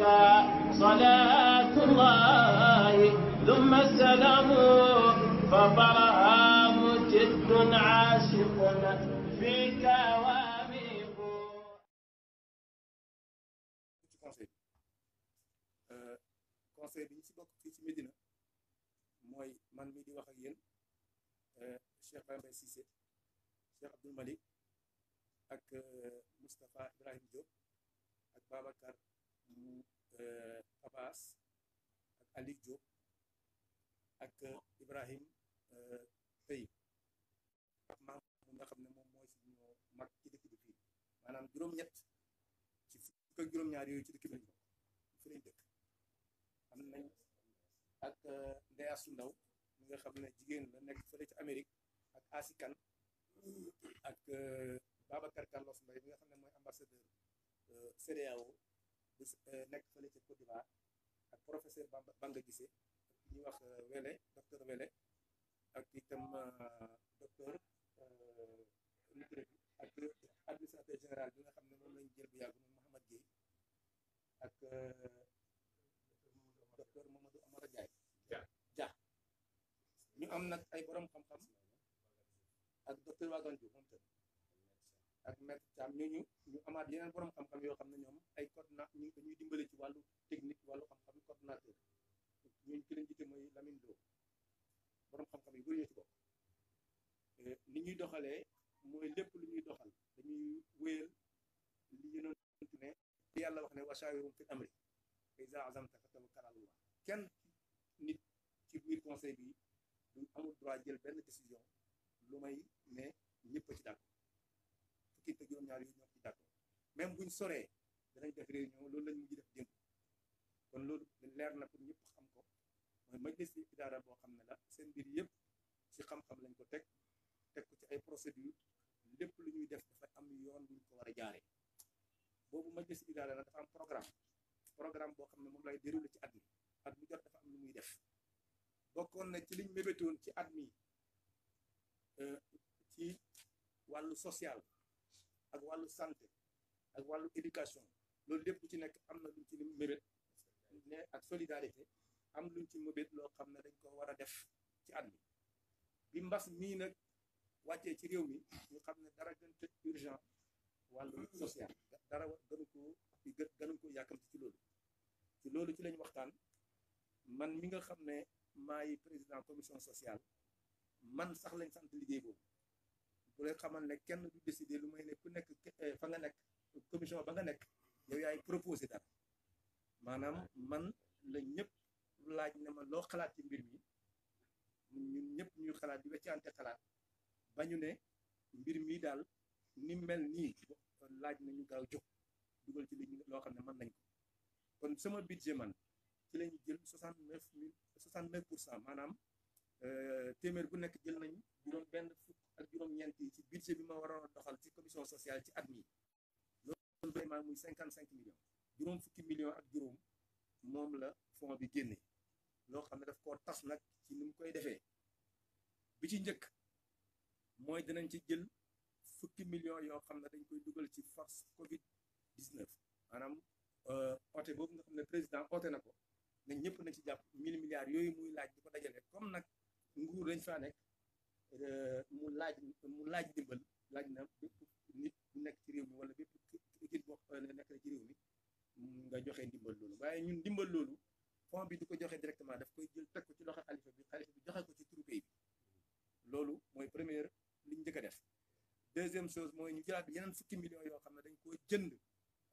عليك صلاة الله ثم السلام فطرها مجد عاشق فيك واميق euh, conseil bi ñu si bokk fii ci Médina mooy man mii di wax ak yéen euh, Cheikh Baye Mbaye Cissé Cheikh Abdoul Malik ak euh, Moustapha Ibrahim Diop ak Babacar bu euh, Abbas ak alijo ak Ibrahim euh, Faye ak maam mu nga xam ne moom mooy suñu mag ci dëkk bi maanaam juróom-ñett ci fukk ak juróom-ñaar yooyu ci dëkk bi lañ bokk fi lañ dëkk am nañ ak euh, Ndeya su ndaw mi nga xam ne jigéen la nekk fële ci Amérique ak Asikan ak Babacar Carlos Mbaye mi nga xam ne mooy ambassadeur CEDEAO Euh, nekk fële ca Côte d'Ivoire ak professeur Bamba Banga Gissé ak ñuy wax euh, Wele docteur Wele ak itam euh, docteur ak administrateur général bi nga xam ne moom lañ jël bu yàgg moom Mouhamad Gueye ak docteur Mamadou Amara Ndiaye Dia ñu am nag ay borom xam-xam ak docteur Wagan Diouf moom tam ak maître Thiam ñooñu ñu ñu amaat yeneen borom xam-xam yoo xam ne ñoom ay coordonnat ñu dañuy dimbale ci wàllu technique wàllu xam-xam coordonnateur ñooñu ki leen jiite mooy Lamine Lo borom xam-xam yu bëri ñoo ci bokk euh, ni ñuy doxalee mooy lépp lu ñuy doxal dañuy wéyal li yonent ne yàlla wax ne wasaawirum fil amri fa iza azamta fatawakkal ala Allah kenn nit ci biir conseil bi du amul droit jël benn décision lu may ne ñëpp a ci d'accord fukki te juróom-ñaar yooyu ñoo ci d'accord même buñ soree danañ def ñoo loolu lañ mujj def démb kon loolu leer na pour ñëpp xam ko mooy majlis idaara boo xam ne la seen mbir yëpp ci xam-xam lañ ko teg teg ko ci ay procédure lépp lu ñuy def dafa am yoon buñ ko war a jaaree boobu majlis idaara la dafa am programme programme boo xam ne moom lay déroulé ci at mi at mu jot dafa am lu muy def bokkoon na ci liñ mébétoon ci at mi euh, ci wàllu social ak wàllu santé ak wàllu éducation loolu lépp ci nekk am na luñ ci mébét ne ak solidarité am luñ ci mébét loo xam ne dañ ko war a def ci at mi bi mbas mii nag wàccee ci réew mi ñu xam ne dara gënt te urgent wàllu social dara gënu ko gënu ko yàkkamti ci loolu ci loolu ci lañ waxtaan man mi nga xam ne maay président commission sociale man sax lañ sant liggéey boobu bu leen xamal ne kenn du décider lu may ne ku nekk eh, fa nga nekk commission ba nga nekk yow yaay proposé dara maanaam man la ñëpp laaj ne ma loo xalaat ci mbir mi ñun ñëpp ñuy xalaat di weccante xalaat ba ñu ne mbir mii daal ni mel nii laaj na ñu gaaw jóg dugal ci li loo xam ne mën nañ ko kon sama budget man ci la ñu jël soixante neuf mille soixante neuf pour cent maanaam Euh, téeméer bu nekk jël nañu juróom benn fukk ak juróom-ñeent yi ci budget bi ma waroon a doxal ci commission sociale ci at mii loolu vraiment muy cinquante cinq millions juróom fukki million ak juróom moom la fond bi génne loo xam ne daf koo tas nag ci ni mu koy defee bi ci njëkk mooy dinañ ci jël fukki million yoo xam ne dañ koy dugal ci force covid 19 maanaam euh, oote boobu nga xam ne président ote na ko ne ñëpp na ci jàpp mille milliards yooyu muy laaj di ko dajale comme nag nguur dañ faa nekk euh, mu laaj mu laaj ndimbal laaj na bépp nit bu nekk ci réew mi wala bépp équipe boo euh, nekk ci réew mi mm, nga joxe ndimbal loolu waaye ñun ndimbal loolu fond bi du ko joxe directement daf koy jël teg ko ci loxo xalifa bi xalifa bi joxe ko ci turu bi loolu mooy première li ñu njëkk a def deuxième chose mooy ñu jëlaat yeneen fukki million yoo xam ne dañ koo jënd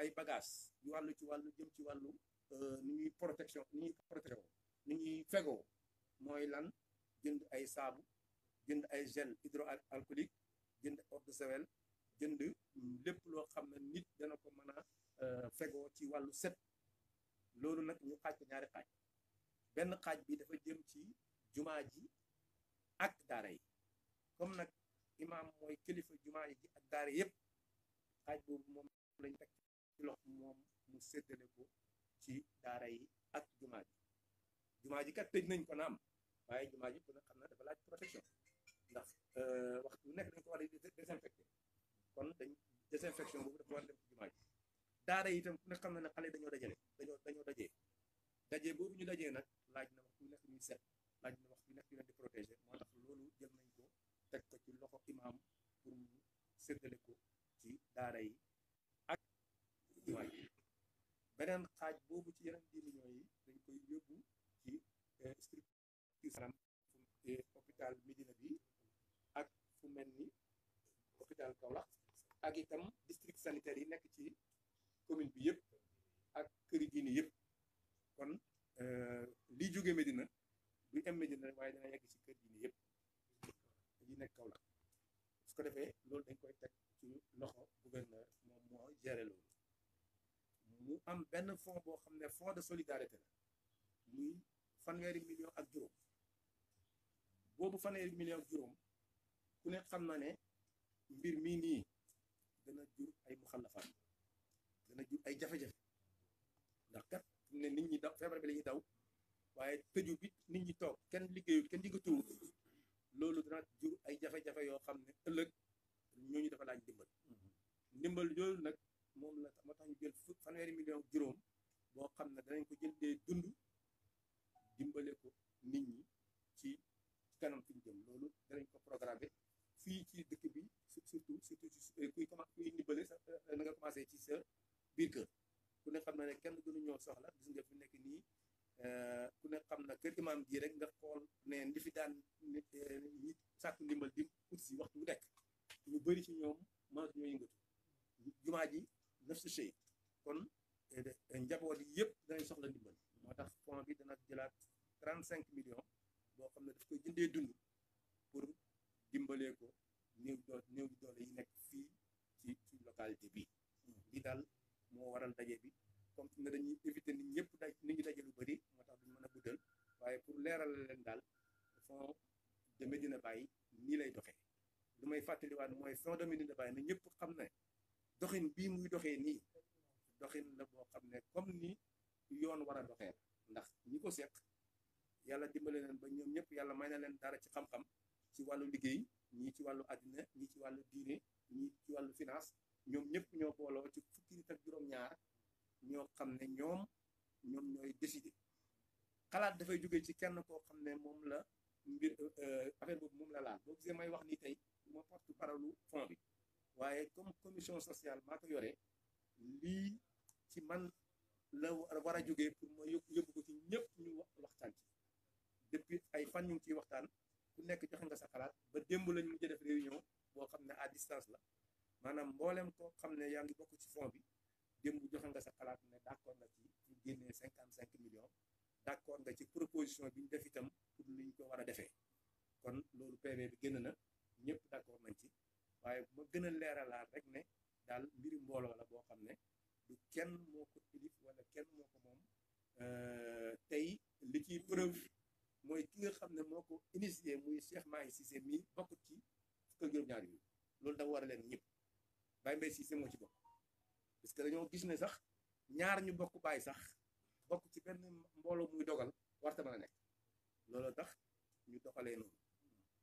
ay bagages wàllu ci wàllu jëm ci wàllu euh, ni ñuy protection ni ñuy protection ni ñuy fegoo mooy lan jënd ay saabu jënd ay gel hydroalcoolique jënd eau de jënd lépp loo xam ne nit dana ko mën a euh, fegoo ci wàllu set loolu nag ñu xaaj ko ñaari xaaj benn xaaj bi dafa jëm ci jumaa ji ak daara yi comme nag imaam mooy kilifa jumaa ji ak daara yépp xaaj boobu moom lañ teg ci lox moom mu seddale ko ci daara yi ak jumaa ji jumaa ji kat tëj nañ ko naam waaye jumaa ji ku ne xam na dafa laaj protection ndax euh, waxtu nekk dañ ko war a désinfecté kon dañ désinfection boobu dafa war a dem ci jumaa ji daara itam ku ne xam na ne xale dañoo dajale dañoo dañoo dajee daje boobu ñu dajee nag laaj na waxtu nekk ñuy set laaj na waxtu nekk ñu leen di protégé moo tax loolu jël nañ ko teg ko ci loxo imaam pour mu séddale ko ci daara yi ak jumaa yi beneen xaaj boobu ci yeneen diini yi dañ koy yóbbu ci euh, saram hôpital Médina bi ak fu mel ni hôpital Kaolack ak itam district sanitaire yi nekk ci commune bi yëpp ak këri diini yëpp kon euh, li jóge Médina du em Médina waaye dana yegg ci kër diini yëpp yi nekk Kaolack su ko defee loolu dañ koy teg ci loxo gouverneur moom moo géré loolu mu am benn fonds boo xam ne fonds de solidarité la muy fanweeri million ak juróom boobu fanweeri million juróom ku ne xam na ne mbir mii nii dana jur ay muxallafaat dana jur ay jafe-jafe ndax kat ne nit ñi daw feebar bi la ñuy daw waaye tëju bi nit ñi toog kenn liggéeyu kenn liggéeyul loolu dana jur ay jafe-jafe yoo xam ne ëllëg ñooñu dafa laaj ndimbal ndimbal yooyu nag moom la moo tax ñu jël fanweeri million juróom boo xam ne danañ ko jël dee dund dimbale ko nit ñi kanam fi ñu jëm loolu danañ ko programmé fii ci dëkk bi surtout surtout kuy commencé kuy nibbale sax euh, na nga commencé ci sa biir kër ku ne xam na ne kenn gënu ñoo soxla gis nga fi nekk nii euh, ku ne xam na kër imaam gii rek nga xool ne li fi daan euh, ñi sàkku ndimbal di ut si waxtu bu nekk ñu bëri ci ñoom mënatu ñoo yëngatu jumaa ji naf su sëy kon njaboot yi yëpp danañ soxla ndimbal moo tax fond bi dana jëlaat cinq millions boo xam ne daf koy jëndee dund pour dimbalee ko néew doole néew doole yi nekk fii ci ci localité bi li daal moo waral daje bi comme ne dañuy éviter nit ñëpp daj nit daje lu bëri moo tax duñ mën a guddal waaye pour leeral leen daal fond de Médina bàyyi nii lay doxe lu may waat mooy fond de Médina Baye na ñëpp xam ne doxin bii muy doxee nii doxin la boo xam ne comme ni yoon war a doxee ndax ñi ko seq yàlla dimbale leen ba ñoom ñëpp yàlla may na leen dara ci xam-xam ci wàllu liggéey ñii ci wàllu àddina ñii ci wàllu diine ñii ci wàllu finance ñoom ñëpp ñoo booloo ci fukki nit ak juróom-ñaar ñoo xam ne ñoom ñoom ñooy décider xalaat dafay jóge ci kenn koo xam ne moom la mbir euh, affaire boobu moom la laal boo gisee may wax ni tey ma porte parole fond bi waaye comme commission sociale maa ko yore lii ci man la war a jóge pour ma yóbbu ko ci ñëpp ñu waxtaan ci depuis ay fan ñu ngi ciy waxtaan ku nekk joxe nga sa xalaat ba démb lañ mujj def réunion boo xam ne à distance la maanaam mbooleem koo xam ne yaa ngi bokk ci fond bi démb joxe nga sa xalaat ne d' accord nga ci ñu génnee cinquante cinq million d' accord nga ci proposition bi ñu def itam pour ni ñu ko war a defee kon loolu PV bi génn na ñëpp d' nañ ci waaye bu ma gën a leeralaat rek ne daal mbiri mbooloo la boo xam ne du kenn moo ko kilif wala kenn moo ko moom euh, tey li ciy preuve ki nga xam ne moo ko initié muy Cheikh Mahi Cissé mii bokk ci fukk ak juróom-ñaar yooyu loolu da war a leen ñëpp Baye Mbaye Cissé moo ci bokk parce que dañoo gis ne sax ñaar ñu bokk Baye sax bokk ci benn mbooloo muy dogal warta mën a nekk looloo tax ñu doxalee noonu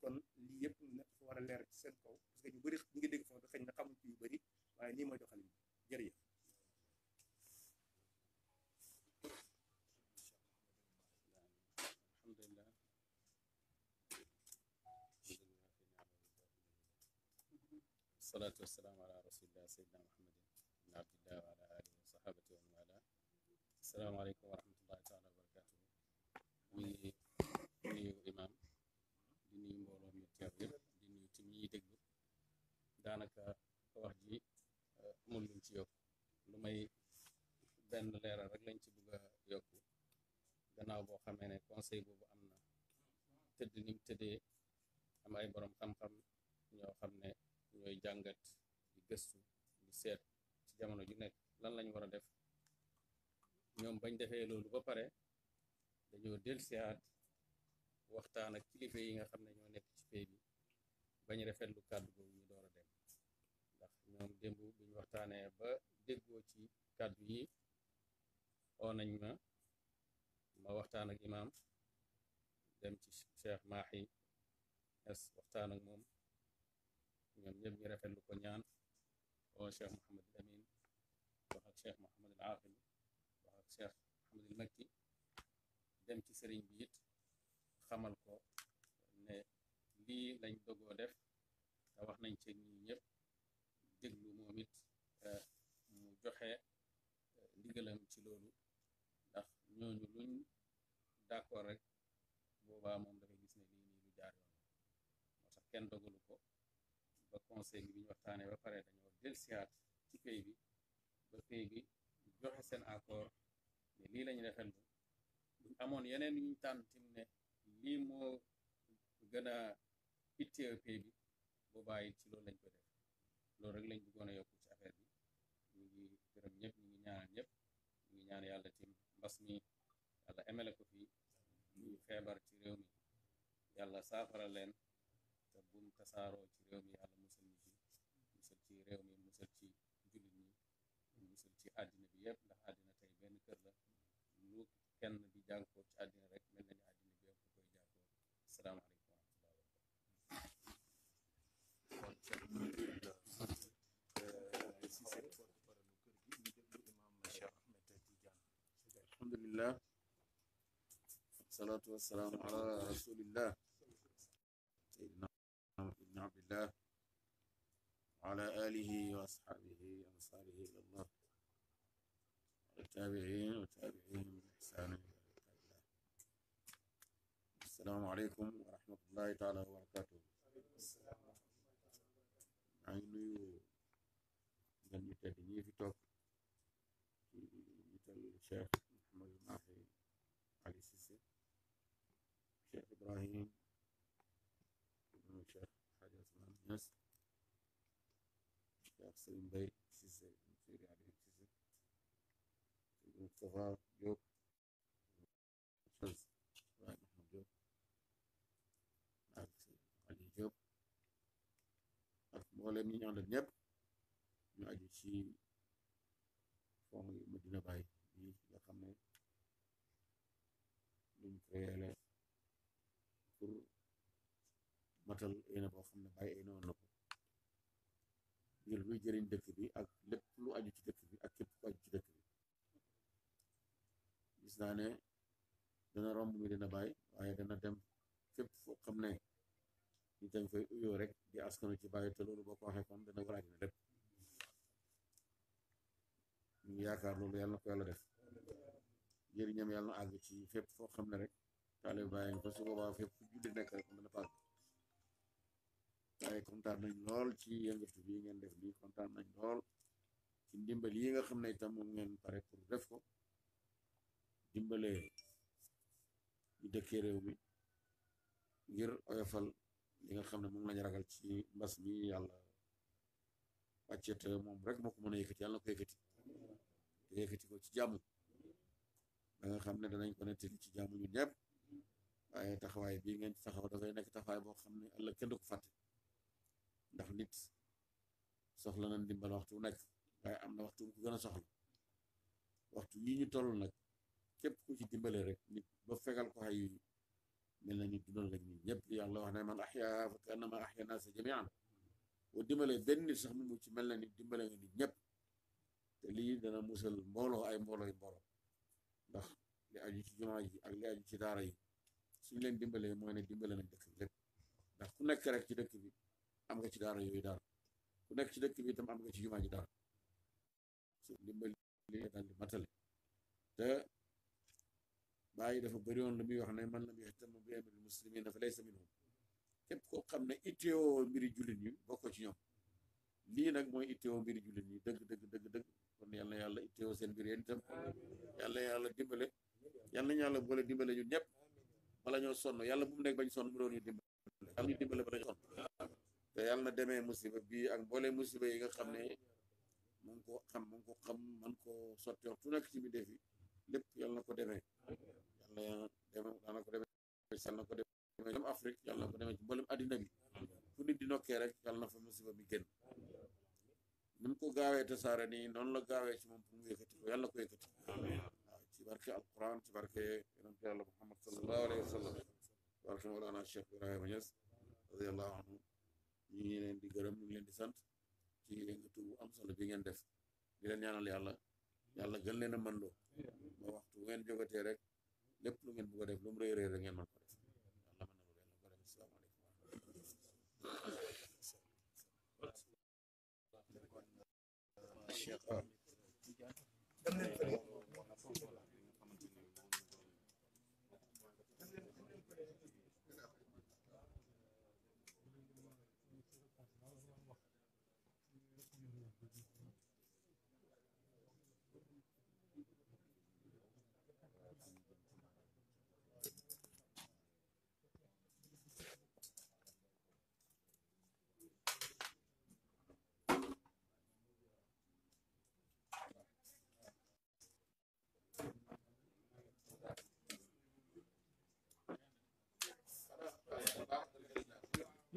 kon lii yëpp nag dafa war a leer ci seen kaw parce que ñu bëri ñu ngi dégg foofu xëy na xamuñ ci yu bëri waaye nii mooy doxalin jërëjëf wasalaatu wasalaamu ala rasulillah sayidina muhammadin ibn abdillah wa ala alihi wa sahabati wa man wala asalaamaaleykum wa rahmatullahi wa barakatuhu ñuy nuyu imam di nuyu mbooloo mi teew yëpp di nuyu tim ñiy déglu daanaka wax ji eh, amul luñ ci yokk lu may benn leeral rek lañ ci bëgg a yokku gannaaw boo xamee ne conseil boobu am na tëdd ni mu tëddee ay borom xam-xam ñoo xam ne looy jàngat di gëstu di seet ci jamono ju nekk lan lañ war a def ñoom bañ defee loolu ba pare dañoo dellusiwaat waxtaan ak kilifa yi nga xam ne ñoo nekk ci pay bi bañ rafetlu kàddu boobu ñu door a dem ndax ñoom démb biñ waxtaanee ba déggoo ci kàddu yi oo nañ ma ma waxtaan ak imaam dem ci Cheikh Mahi es waxtaan ak moom ñoom ñëpp ñu rafetlu ko ñaan oo Cheikh Mouhamadul Amin wax ak Cheikh Mouhamadul Aafil wax ak Cheikh Mouhamadul Makki dem ci sëriñ bi it xamal ko ne lii lañ dogoo def te wax nañ ci ñi ñëpp déglu moom it mu joxe eh, ndigalam ci loolu ndax ñooñu luñ d'accord rek boobaa moom dafay gis ne lii nii lu jaar yoon moo tax kenn dogalu ko ba conseil bi bi ñu waxtaanee ba pare dañoo dellusiwaat ci pays bi ba pays bi joxe seen accord ne lii lañu rafetlu buñ amoon yeneen yu ñu tànn tim ne lii moo gën a ittee pays bi boobaa it ci loolu lañ ko def loolu rek lañ bëggoon a yokku ci affaire bi ñu ngi gërëm ñëpp ñu ngi ñaanal ñëpp ngi ñaan yàlla tim mbas mi yàlla emele ko fii ñu feebar ci réew mi yàlla saafara leen te buñ tasaaroo ci réew mi yàlla musal ñu ci musal ci réew mi musal ci jullit ñi musal ci àddina bi yëpp ndax àddina tey benn kër la lu kenn di jànkoo ci àddina rek mel na ni àddina bi yëpp koy jànkoo salaamaaleykum wa rahmatulah alhamdulillah wasalaatu wasalaamu ala rasulillah الله وعلى آله وأصحابه وأنصاره إلى الله والتابعين وتابعيهم بإحسان إلى الله السلام عليكم ورحمة الله تعالى وبركاته maa ngi nuyu gan ñu tedd ñi fi toog ci jiital Cheikh Mouhamadou Mahi Ali Cissé Cheikh Ibrahim sëriñ Mbay Cissé sëriñ Aliou Cissé sëriñ Moustapha Diop ak Aliou Diop ak mboolem ñi ñu àndal ñëpp ñu aju ci fond yi Medina Baye bi nga xam ne luñ créé la pour matal yéene boo xam ne bàyyi ay noonu la ko ngir luy jëriñ dëkk bi ak lépp lu aju ci dëkk bi ak képp ku aju ci dëkk bi gis naa ne dana romb mi dina bàyyi waaye dana dem fépp foo xam ne nit dañ fay uyoo rek di askanu ci bàyyi te loolu boo ko waxee kon dana waraaj na lépp ñu yaakaar loolu yàlla na ko yàlla def jëriñam yàlla na àgg ci fép foo xam ne rek taale bàyyi nga fa su boobaa fépp julli nekk rek mën na pàgg waaye kontaan nañ lool ci yëngatu bii ngeen def bii kontaan nañ lool ci ndimbal yi nga xam ne itam moom ngeen pare pour def ko dimbale ñu dëkkee réew mi ngir oyofal li nga xam ne moom lañu ragal ci mbas mi yàlla wàccee te moom rek moo ko mën a yëkkati yàlla na ko yëkkati te yëkkati ko ci jàmm da nga xam ne danañ ko nettali ci jàmm ñu ñëpp waaye taxawaay bii ngeen ci dafay nekk taxawaay boo xam ne ëllëg kenn ko fàtte ndax nit soxla na ndimbal waxtu wu nekk waaye am na waxtu bu ko gën soxla waxtu yi ñu toll nag képp ku ci dimbalee rek nit ba fegal ko xay mel na ñu dundal rek ñun ñëpp li wax ne man ahyaa fa kaannama boo dimbale benn sax mu ci mel na nit dimbale nga nit ñëpp dana musal mbooloo ay mboolo yu mbooloo ndax li aju ci jumaa yi ak li aju ci daara yi suñ leen dimbalee mooy ne dimbale nañ dëkk bi lépp ndax ku nekk rek ci dëkk bi am nga ci daara yooyu daal ku nekk ci dëkk bi itam am nga ci jumaa ji daara su ndimbal daal di matale te bàyyi dafa bëri woon lu muy wax ne man lam yahtam bi amril muslimina fa laysa minhum képp koo xam ne itteewoo mbiri jullit ñi bokkoo ci ñoom nag mooy itteewoo mbiri jullit ñi dëgg dëgg dëgg dëgg yàlla seen mbir yéen itam yàlla dimbale yal nañu yàlla boole dimbale ñun ñëpp bala ñoo sonn yàlla bu mu nekk bañ sonn mu doon ñu dimbale yàlla ñu dimbale bala sonn te yàlla na demee musiba bi ak mboole musiba yi nga xam ne man koo xam man ko xam man koo sotti waxtu nekk ci mi defi lépp yàlla na ko demee yàlla deme daana ko demee yàlla na ko demee dem Afrique yàlla na ko demee ci mboolem addina bi fu nit di nokkee rek yàlla na fa musiba bi génn ni mu ko gaawee tasaare ni noonu la gaawee ci moom pour mu yëkkati ko yàlla na ko yëkkati waaw ci barke alquran ci barke yonente yàlla muhammad sallallahu alayhi wa sallam barke mawlana cheikh ibrahima ñas radiallahu anhu ñu ngi leen di gërëm ñu ngi leen di sant ci yëngatu bu am solo bi ngeen def di leen ñaanal yàlla yàlla gën leen a mën loo ba waxtu ngeen jógatee rek lépp lu ngeen bëgg def lu mu rëy rëy rek ngeen mën ko def yàlla ko yàlla ko def asalaamaaleykum wa rahmatulah.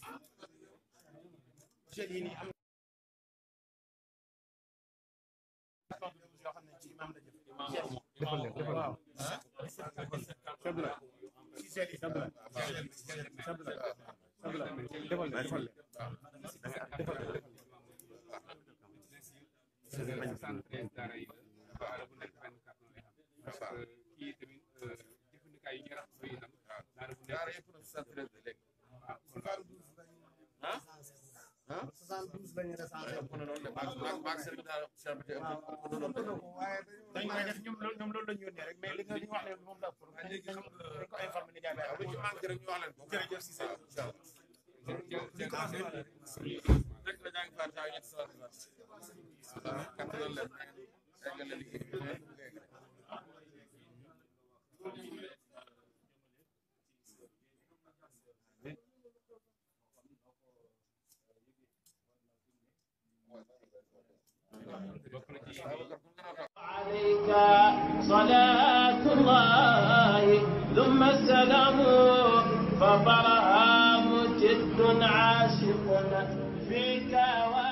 Eh, jeunes yi nii am na 72 lañu recensé. dañ koy def ñoom ñoom loolu la ñu yónnee rek mais li nga ñu wax leen moom la pour dañ ko informé ni jaay ba bu ci manqué rek ñu wax leen ko jërëjëf si sa عليك صلاة الله ثم السلام فطرها مجد عاشق فيك